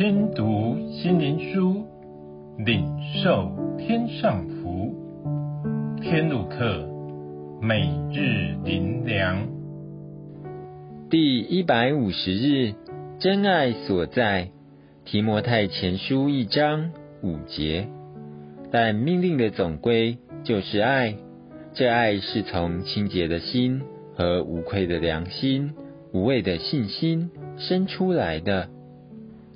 聽讀心靈書，領受天上福。天路客，每日靈糧，第一百五十日，真愛所在。提摩太前書一章五節，但命令的總歸就是愛，這愛是從清潔的心和無虧的良心、無偽的信心生出來的。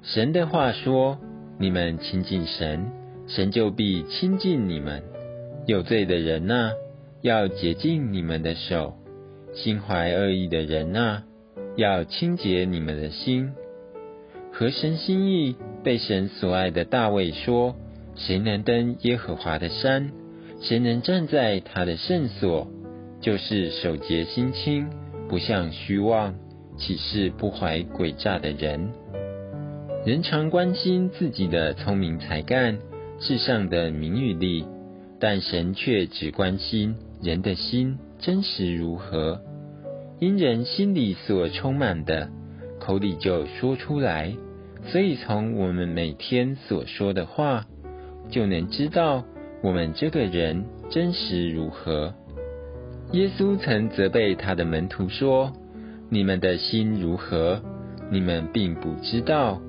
神的話說：“你們親近神，神就必親近你們。有罪的人呢、啊，要潔淨你們的手；心懷二意的人呢、啊，要清潔你們的心。合神心意、被神所愛的大衛說：‘誰能登耶和華的山？誰能站在他的聖所？’就是手潔心清、不向虛妄、起誓不懷詭詐的人。”人常關心自己的聰明才幹、世上的名與利，但神卻只關心人的心真實如何？因人心裡所充滿的，口裡就說出來，所以從我們每天所說的話，就能知道我們這個人真實如何？耶穌曾責備他的門徒說：“你們的心如何？你們並不知道。”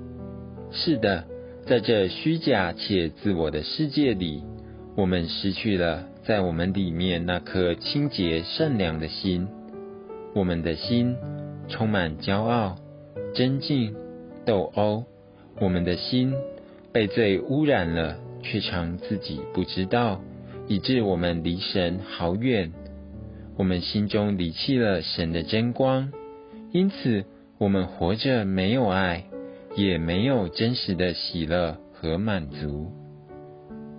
是的，在這虛假且自我的世界裡，我們失去了在我們裡面那顆清潔善良的心。我們的心充滿驕傲、爭競、鬥毆。我們的心被罪污染了，卻常自己不知道，以致我們離神好遠。我們心中離棄了神的真光，因此我們活着沒有愛，也沒有真實的喜樂和滿足。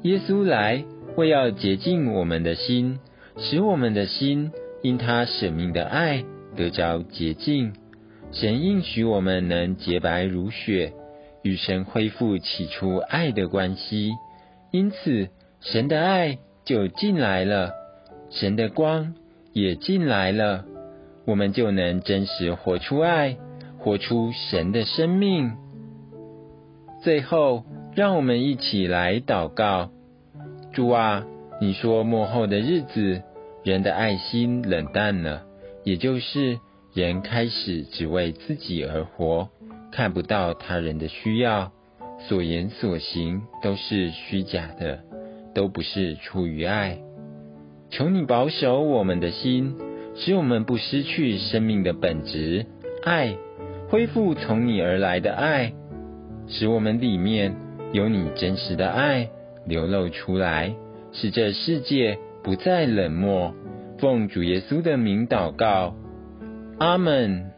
耶穌來，為要潔淨我們的心，使我們的心因他捨命的愛得着潔淨。神應許我們能潔白如雪，與神恢復起初愛的關係。因此，神的愛就進來了，神的光也進來了，我們就能真實活出愛，活出神的生命。最後，讓我們一起來禱告。主啊，你說末後的日子，人的愛心冷淡了，也就是人開始只為自己而活，看不到他人的需要，所言所行都是虛假的，都不是出於愛。求你保守我們的心，使我們不失去生命的本質——愛，恢復從你而來的愛。使我們裡面有你真實的愛流露出來，使這世界不再冷漠，奉主耶穌的名禱告，阿門。